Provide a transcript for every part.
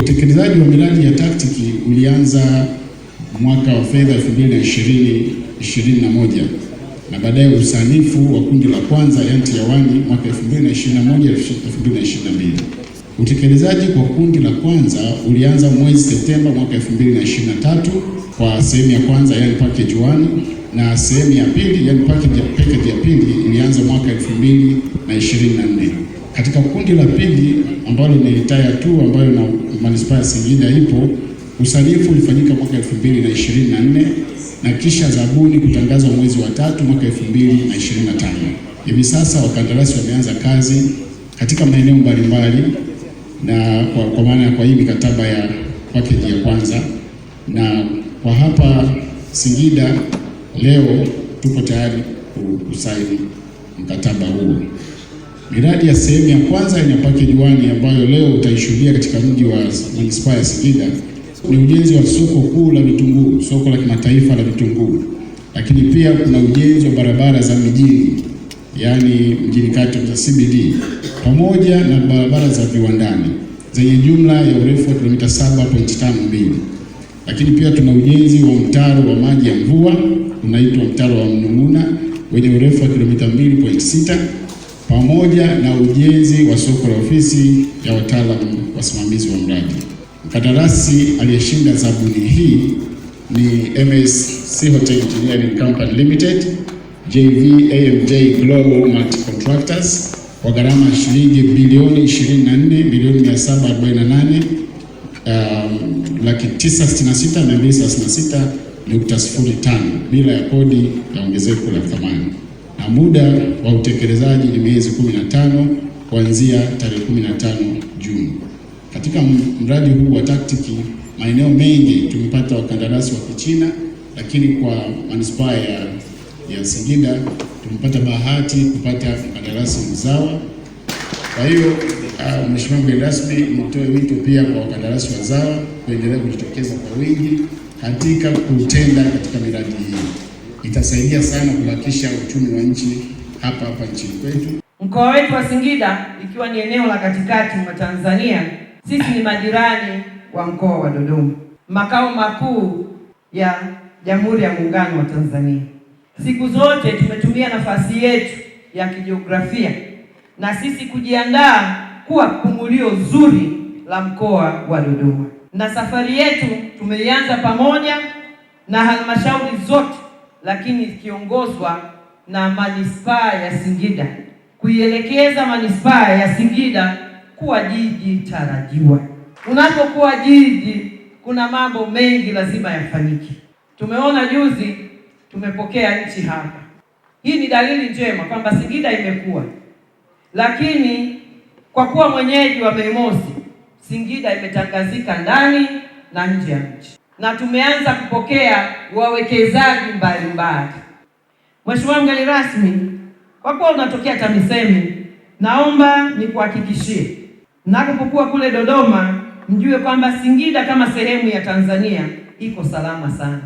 Utekelezaji wa miradi ya taktiki ulianza mwaka wa fedha 2020 2021 na baadaye usanifu wa kundi la kwanza, yanti tier mwaka 2021 2022. Utekelezaji kwa kundi la kwanza ulianza mwezi Septemba mwaka 2023 kwa sehemu ya kwanza, yani package 1 na sehemu ya pili, yani package ya package ya pili ilianza mwaka 2024. Katika kundi la pili ambalo ni retire tu ambayo na manispaa ya Singida ipo, usanifu ulifanyika mwaka 2024 na kisha zabuni kutangazwa mwezi wa tatu mwaka 2025. Hivi sasa wakandarasi wameanza kazi katika maeneo mbalimbali na kwa, kwa maana kwa hii mikataba ya pakeji ya kwanza, na kwa hapa Singida leo tuko tayari kusaini mkataba huo. Miradi ya sehemu ya kwanza ina pakeji wani ambayo leo utaishuhudia katika mji wa manispaa ya Singida ni ujenzi wa soko kuu la vitunguu, soko la kimataifa la vitunguu, lakini pia kuna ujenzi wa barabara za mijini, yaani mjini kati za CBD pamoja na barabara za viwandani zenye jumla ya urefu wa kilomita 7.52, lakini pia tuna ujenzi wa mtaro wa maji ya mvua unaitwa mtaro wa Mnung'una wenye urefu wa kilomita 2.6 pamoja na ujenzi wa soko la ofisi ya wataalamu wasimamizi wa mradi. Mkandarasi aliyeshinda zabuni hii ni MS Sihotech Engineering Company Limited JV AMJ Global Multi Contractors kwa gharama ya shilingi bilioni 24 milioni 748 um, laki 966,236 nukta sifuri tano bila ya kodi ya ongezeko la thamani, na muda wa utekelezaji ni miezi 15 kuanzia tarehe 15 Juni. Katika mradi huu wa taktiki maeneo mengi tumepata wakandarasi wa Kichina, lakini kwa manispaa ya, ya Singida kupata bahati kupata madarasa mzawa. Kwa hiyo uh, mheshimiwa mgeni rasmi, nitoe wito pia kwa wakandarasi wazawa kuendelea kujitokeza kwa wingi katika kutenda katika miradi hii, itasaidia sana kuhakikisha uchumi wa nchi hapa hapa nchini kwetu. Mkoa wetu wa Singida ikiwa ni eneo la katikati mwa Tanzania, sisi ni majirani wa mkoa wa Dodoma, makao makuu ya Jamhuri ya Muungano wa Tanzania. Siku zote tumetumia nafasi yetu ya kijiografia na sisi kujiandaa kuwa kumulio zuri la mkoa wa Dodoma, na safari yetu tumeianza pamoja na halmashauri zote, lakini ikiongozwa na manispaa ya Singida kuielekeza manispaa ya Singida kuwa jiji tarajiwa. Unapokuwa jiji, kuna mambo mengi lazima yafanyike. Tumeona juzi tumepokea nchi hapa. Hii ni dalili njema kwamba Singida imekuwa, lakini kwa kuwa mwenyeji wa Mei Mosi, Singida imetangazika ndani na nje ya nchi na tumeanza kupokea wawekezaji mbalimbali. Mheshimiwa mgeni rasmi, kwa kuwa unatokea TAMISEMI, naomba nikuhakikishie nakupokuwa kule Dodoma, mjue kwamba Singida kama sehemu ya Tanzania iko salama sana.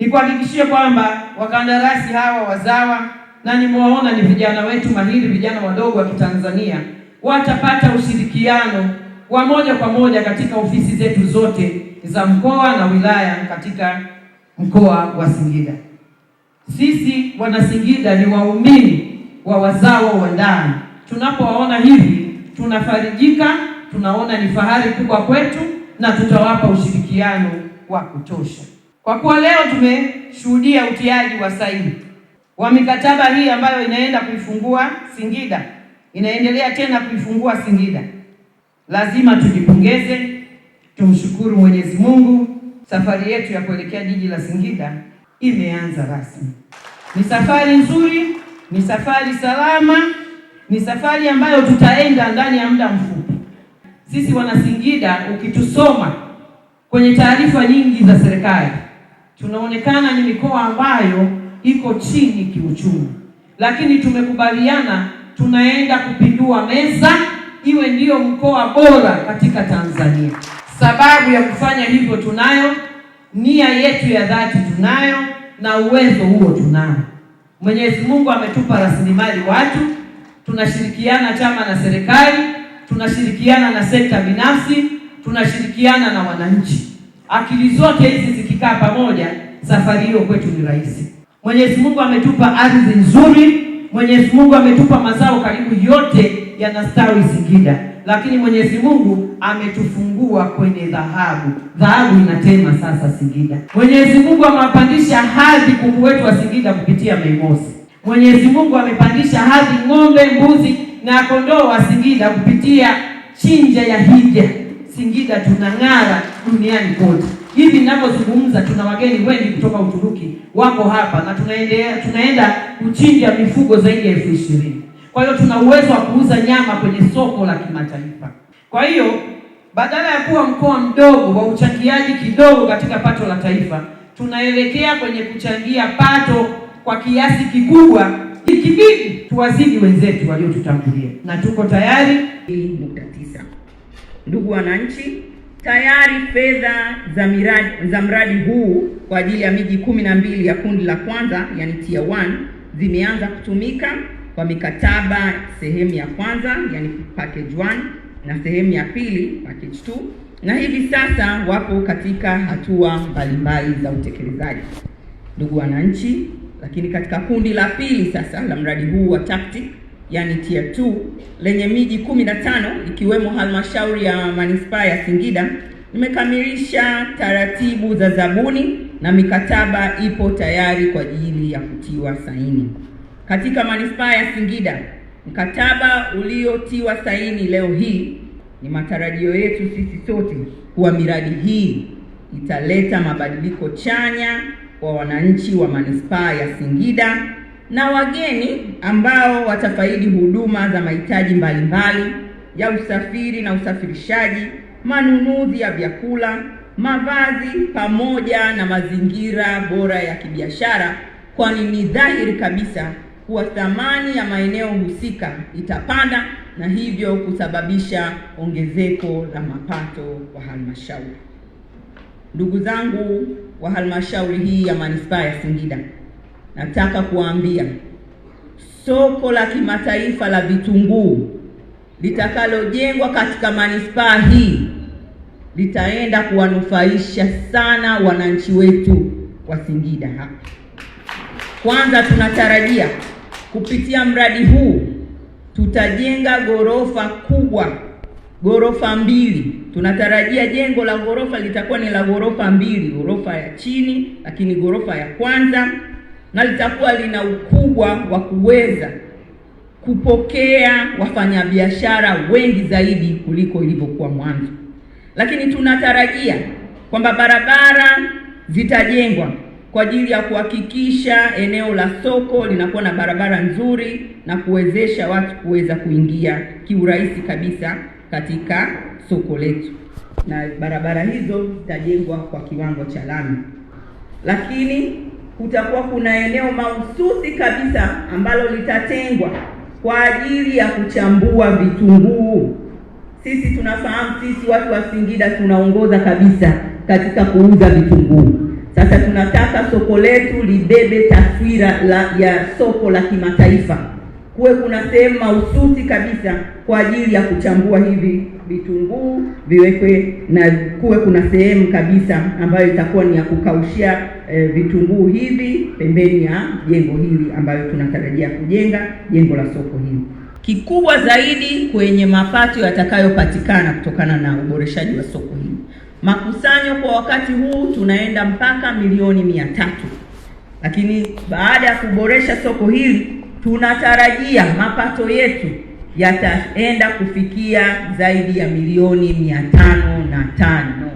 Nikuhakikishie kwamba wakandarasi hawa wazawa, na nimewaona ni vijana wetu mahiri, vijana wadogo wa Kitanzania, watapata ushirikiano wa moja kwa moja katika ofisi zetu zote za mkoa na wilaya katika mkoa wa Singida. Sisi singida ni waumini wa wazawa wa ndani. Tunapowaona hivi tunafarijika, tunaona ni fahari kubwa kwetu, na tutawapa ushirikiano wa kutosha. Kwa kuwa leo tumeshuhudia utiaji wa saini wa mikataba hii ambayo inaenda kuifungua Singida, inaendelea tena kuifungua Singida, lazima tujipongeze, tumshukuru Mwenyezi Mungu. Safari yetu ya kuelekea jiji la Singida imeanza rasmi. Ni safari nzuri, ni safari salama, ni safari ambayo tutaenda ndani ya muda mfupi. Sisi Singida, ukitusoma kwenye taarifa nyingi za serikali tunaonekana ni mikoa ambayo iko chini kiuchumi, lakini tumekubaliana tunaenda kupindua meza iwe ndiyo mkoa bora katika Tanzania. Sababu ya kufanya hivyo tunayo, nia yetu ya dhati tunayo, na uwezo huo tunao. Mwenyezi Mungu ametupa rasilimali watu, tunashirikiana chama na serikali, tunashirikiana na sekta binafsi, tunashirikiana na wananchi. Akili zote hizi zikikaa pamoja, safari hiyo kwetu ni rahisi. Mwenyezi Mungu ametupa ardhi nzuri, Mwenyezi Mungu ametupa mazao karibu yote yanastawi Singida, lakini Mwenyezi Mungu ametufungua kwenye dhahabu. Dhahabu inatema sasa Singida. Mwenyezi Mungu amepandisha hadhi kuku wetu wa Singida kupitia Mei Mosi. Mwenyezi Mungu amepandisha hadhi ng'ombe, mbuzi na kondoo wa Singida kupitia chinja ya hija. Singida tunang'ara duniani kote. Hivi ninavyozungumza, tuna wageni wengi kutoka Uturuki wako hapa na tunaendea, tunaenda kuchinja mifugo zaidi ya elfu ishirini. Kwa hiyo tuna uwezo wa kuuza nyama kwenye soko la kimataifa. Kwa hiyo badala ya kuwa mkoa mdogo wa uchangiaji kidogo katika pato la taifa, tunaelekea kwenye kuchangia pato kwa kiasi kikubwa, ikibidi tuwazidi wenzetu waliotutangulia, na tuko tayari. Nukta tisa. Ndugu wananchi Tayari fedha za miradi, za mradi huu kwa ajili ya miji kumi na mbili ya kundi la kwanza yani tier 1 zimeanza kutumika kwa mikataba sehemu ya kwanza yani package 1 na sehemu ya pili package two, na hivi sasa wapo katika hatua mbalimbali za utekelezaji. Ndugu wananchi, lakini katika kundi la pili sasa la mradi huu wa TACTIC yani tier 2 lenye miji 15 ikiwemo halmashauri ya manispaa ya Singida nimekamilisha taratibu za zabuni na mikataba ipo tayari kwa ajili ya kutiwa saini. Katika manispaa ya Singida, mkataba uliotiwa saini leo hii, ni matarajio yetu sisi sote kuwa miradi hii italeta mabadiliko chanya kwa wananchi wa manispaa ya Singida na wageni ambao watafaidi huduma za mahitaji mbalimbali ya usafiri na usafirishaji, manunuzi ya vyakula, mavazi pamoja na mazingira bora ya kibiashara, kwani ni dhahiri kabisa kuwa thamani ya maeneo husika itapanda na hivyo kusababisha ongezeko la mapato kwa halmashauri. Ndugu zangu wa halmashauri hii ya manispaa ya Singida nataka kuambia soko la kimataifa la vitunguu litakalojengwa katika manispaa hii litaenda kuwanufaisha sana wananchi wetu wa Singida hapa. Kwanza tunatarajia kupitia mradi huu tutajenga ghorofa kubwa, ghorofa mbili. Tunatarajia jengo la ghorofa litakuwa ni la ghorofa mbili, ghorofa ya chini, lakini ghorofa ya kwanza na litakuwa lina ukubwa wa kuweza kupokea wafanyabiashara wengi zaidi kuliko ilivyokuwa mwanzo. Lakini tunatarajia kwamba barabara zitajengwa kwa ajili ya kuhakikisha eneo la soko linakuwa na barabara nzuri na kuwezesha watu kuweza kuingia kiurahisi kabisa katika soko letu, na barabara hizo zitajengwa kwa kiwango cha lami, lakini kutakuwa kuna eneo mahususi kabisa ambalo litatengwa kwa ajili ya kuchambua vitunguu. Sisi tunafahamu, sisi watu wa Singida tunaongoza kabisa katika kuuza vitunguu. Sasa tunataka soko letu libebe taswira la, ya soko la kimataifa, kuwe kuna sehemu mahususi kabisa kwa ajili ya kuchambua hivi vitunguu viwekwe na kuwe kuna sehemu kabisa ambayo itakuwa ni ya kukaushia e, vitunguu hivi pembeni ya jengo hili ambayo tunatarajia kujenga jengo la soko hili. Kikubwa zaidi kwenye mapato yatakayopatikana kutokana na uboreshaji wa soko hili, makusanyo kwa wakati huu tunaenda mpaka milioni mia tatu, lakini baada ya kuboresha soko hili tunatarajia mapato yetu yataenda kufikia zaidi ya milioni mia tano na tano.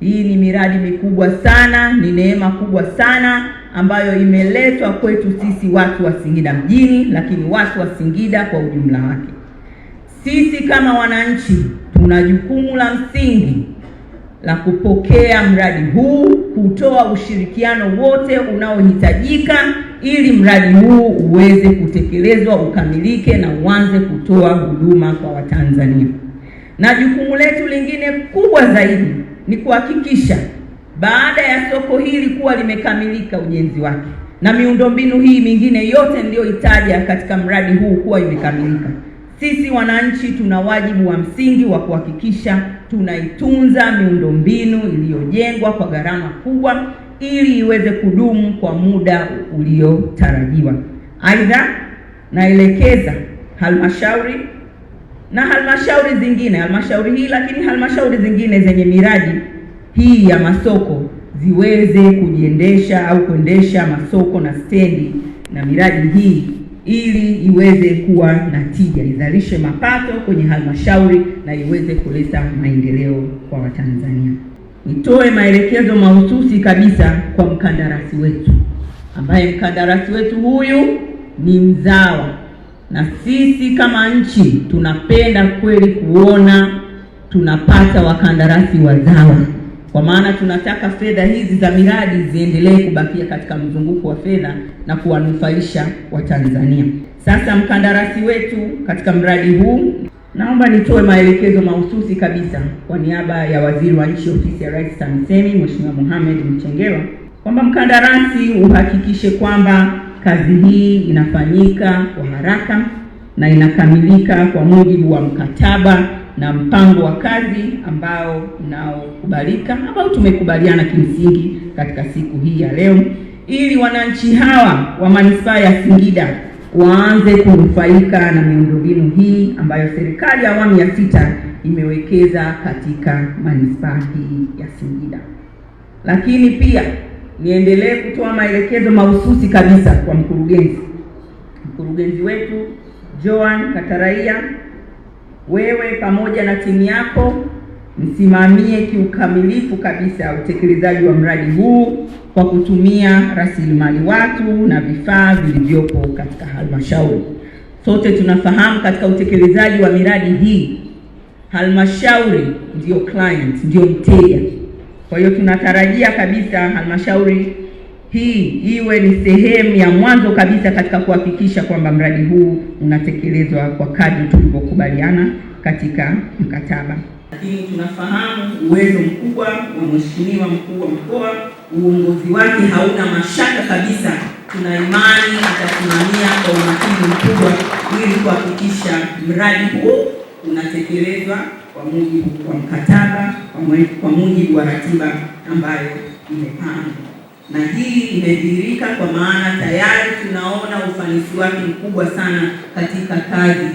Hii ni miradi mikubwa sana, ni neema kubwa sana ambayo imeletwa kwetu sisi watu wa Singida mjini, lakini watu wa Singida kwa ujumla wake. Sisi kama wananchi tuna jukumu la msingi la kupokea mradi huu, kutoa ushirikiano wote unaohitajika ili mradi huu uweze kutekelezwa, ukamilike na uanze kutoa huduma kwa Watanzania. Na jukumu letu lingine kubwa zaidi ni kuhakikisha baada ya soko hili kuwa limekamilika ujenzi wake na miundombinu hii mingine yote niliyoitaja katika mradi huu kuwa imekamilika, sisi wananchi tuna wajibu wa msingi wa kuhakikisha tunaitunza miundombinu iliyojengwa kwa gharama kubwa ili iweze kudumu kwa muda uliotarajiwa. Aidha, naelekeza halmashauri na halmashauri zingine, halmashauri hii lakini halmashauri zingine zenye miradi hii ya masoko ziweze kujiendesha au kuendesha masoko na stendi na miradi hii ili iweze kuwa na tija, izalishe mapato kwenye halmashauri na iweze kuleta maendeleo kwa Watanzania mtoe maelekezo mahususi kabisa kwa mkandarasi wetu, ambaye mkandarasi wetu huyu ni mzawa, na sisi kama nchi tunapenda kweli kuona tunapata wakandarasi wazawa, kwa maana tunataka fedha hizi za miradi ziendelee kubakia katika mzunguko wa fedha na kuwanufaisha Watanzania. Sasa mkandarasi wetu katika mradi huu Naomba nitoe maelekezo mahususi kabisa kwa niaba ya Waziri wa Nchi, Ofisi ya Rais TAMISEMI, Mheshimiwa Mohamed Mchengerwa kwamba mkandarasi uhakikishe kwamba kazi hii inafanyika kwa haraka na inakamilika kwa mujibu wa mkataba na mpango wa kazi ambao unaokubalika ambao tumekubaliana kimsingi katika siku hii ya leo, ili wananchi hawa wa manispaa ya Singida waanze kunufaika na miundombinu hii ambayo serikali ya awamu ya sita imewekeza katika manispaa hii ya Singida. Lakini pia niendelee kutoa maelekezo mahususi kabisa kwa mkurugenzi, mkurugenzi wetu Joan Kataraia, wewe pamoja na timu yako msimamie kiukamilifu kabisa utekelezaji wa mradi huu kwa kutumia rasilimali watu na vifaa vilivyopo katika halmashauri. Sote tunafahamu katika utekelezaji wa miradi hii halmashauri ndiyo client, ndiyo mteja. Kwa hiyo tunatarajia kabisa halmashauri hii iwe ni sehemu ya mwanzo kabisa katika kuhakikisha kwamba mradi huu unatekelezwa kwa kadri tulivyokubaliana katika mkataba lakini tunafahamu uwezo mkubwa wa mheshimiwa mkuu wa mkoa, uongozi wake hauna mashaka kabisa. Tuna imani atasimamia kwa umakini mkubwa ili kuhakikisha mradi huu unatekelezwa kwa mujibu wa mkataba, kwa mujibu wa ratiba ambayo imepangwa, na hii imedhihirika kwa maana tayari tunaona ufanisi wake mkubwa sana katika kazi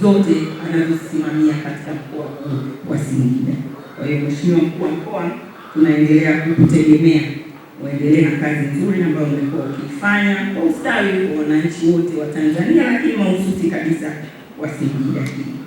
zote anazosimamia katika mkoa huu wa Singida. Kwa hiyo Mheshimiwa mkuu wa mkoa, tunaendelea kukutegemea waendelee na kazi nzuri ambayo umekuwa ukifanya kwa ustawi wa wananchi wote wa Tanzania, lakini mahususi kabisa wa Singida hii.